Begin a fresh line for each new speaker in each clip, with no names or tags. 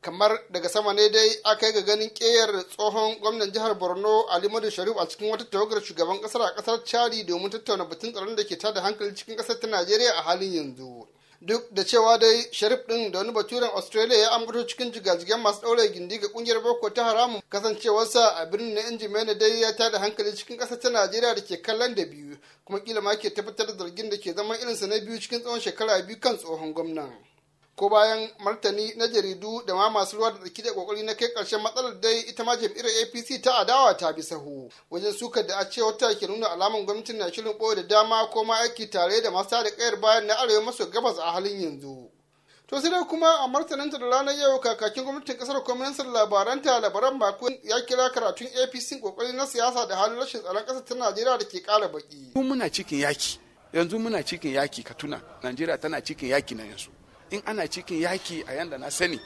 kamar daga sama ne dai aka yi ga ganin keyar tsohon gwamnan jihar borno ali madu sharif a cikin wata tawagar shugaban kasar a kasar chadi domin tattauna batun tsaron da ke tada hankali cikin kasar ta najeriya a halin yanzu duk da cewa dai sharif din da wani baturen australia ya ambato cikin jigajigen masu ɗaure gindi ga kungiyar boko ta haramun kasancewarsa a birnin na injimena dai ya tada hankali cikin kasar ta najeriya da ke kallon da biyu kuma kila ma ke tabbatar da zargin da ke zama irinsa na biyu cikin tsawon shekara biyu kan tsohon gwamnan ko bayan martani na jaridu da ma masu ruwa da tsaki da kokari na kai karshen matsalar dai ita ma jam'iyyar apc ta adawa ta bi sahu wajen sukar da a ce wata ke nuna alamun gwamnatin na shirin ɓoye da dama ko ma aiki tare da masu da kayar bayan na arewa maso gabas a halin yanzu to sai dai kuma a martaninta da ranar yau kakakin gwamnatin kasar kwaminsar labaranta labaran mako ya kira karatun apc kokari na siyasa da halin rashin tsaron kasar ta najeriya da ke kara baki
muna cikin yaki yanzu muna cikin yaki ka tuna najeriya tana cikin yaki na yanzu in ana cikin yaki a yanda na sani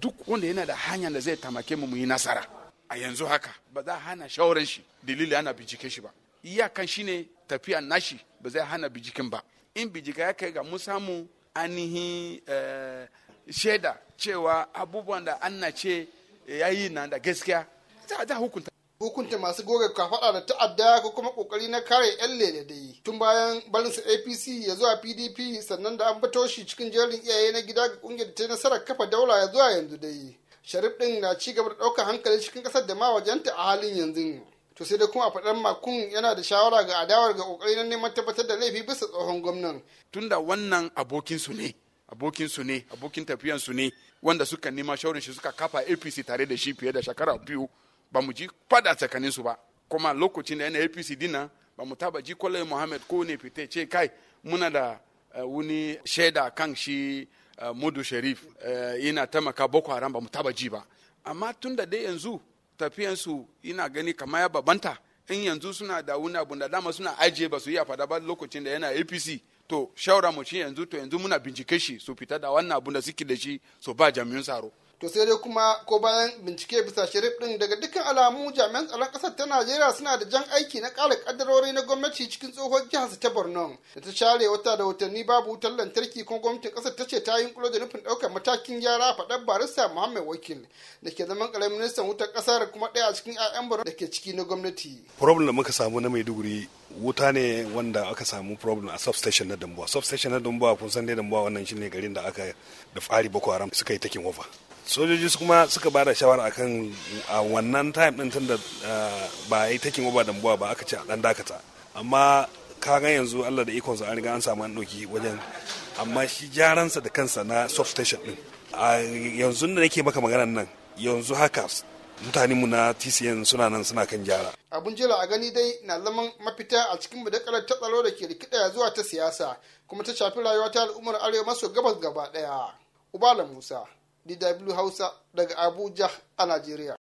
duk wanda yana da hanya da zai tamake mu yi nasara a yanzu haka ba za hana shawaran shi dalili ana bincike shi ba iyakan shine tafiyan nashi ba zai hana bijikin ba in bijika ya kai ga mun samu anihi eh, shaida cewa abubuwan da an ce ya yi na da gaskiya za a hukunta hukunta masu goga kafaɗa
da ta'adda ko kuma kokari na kare yan lele dai tun bayan barin su APC ya zuwa PDP sannan da an fito shi cikin jerin iyaye na gida ga kungiyar ta nasarar kafa daula ya zuwa yanzu dai sharif din na ci gaba da ɗaukar hankali cikin ƙasar da ma wajenta a halin yanzu to sai da kuma a faɗar makun yana da shawara ga adawar ga kokari na neman tabbatar da laifi bisa tsohon gwamnan
tunda wannan abokinsu ne abokinsu ne abokin tafiyansu ne wanda suka nema shaurin shi suka kafa apc tare da shi fiye da shekara biyu ba mu ji fada tsakanin su ba kuma lokacin da yana apc dina ba mu taba ji kwallon muhammad ko ne fita ce kai muna da eh, wani shaida kan shi eh, mudu sharif eh, yana taimaka boko haram ba mu taba ji ba amma tun da dai yanzu tafiyansu ina gani kama ya babanta in yanzu suna da wani abu da dama suna ajiye ba su yi a fada ba lokacin da yana apc to shawara mu shi yanzu to yanzu muna bincike shi su fita da wannan abu da suke da shi su ba jami'un tsaro to
sai dai kuma ko bayan bincike bisa sharif din daga dukkan alamu jami'an tsaron kasar ta najeriya suna da jan aiki na ƙara kaddarori na gwamnati cikin tsohon jihar ta borno da ta share wata da watanni babu wutar lantarki kuma gwamnatin kasar ta ce ta yi da nufin ɗaukar matakin gyara a faɗar barista muhammad wakil da ke zaman ƙaramin ministan wutar kasar kuma ɗaya a cikin 'ya'yan borno da ke ciki na gwamnati.
problem da muka samu na maiduguri wuta ne wanda aka samu problem a substation na dambuwa substation na dambuwa kun san dai dambuwa wannan shine garin da aka da fari boko haram suka yi takin sojoji kuma suka ba da shawara akan a wannan time din tun da ba a yi takin over da ba aka ce a dan dakata amma kaga yanzu Allah da ikonsa an riga an samu an ɗauki wajen amma shi jaransa da kansa na soft station din a yanzu da nake maka maganar nan yanzu haka mutanenmu na TCN suna nan suna kan jara.
Abun jira a gani dai na zaman mafita a cikin mudakalar ta tsaro da ke rikidaya zuwa ta siyasa kuma ta shafi rayuwa ta al'ummar arewa maso gabas gaba daya. Ubala Musa, DW Hausa daga Abuja a Najeriya.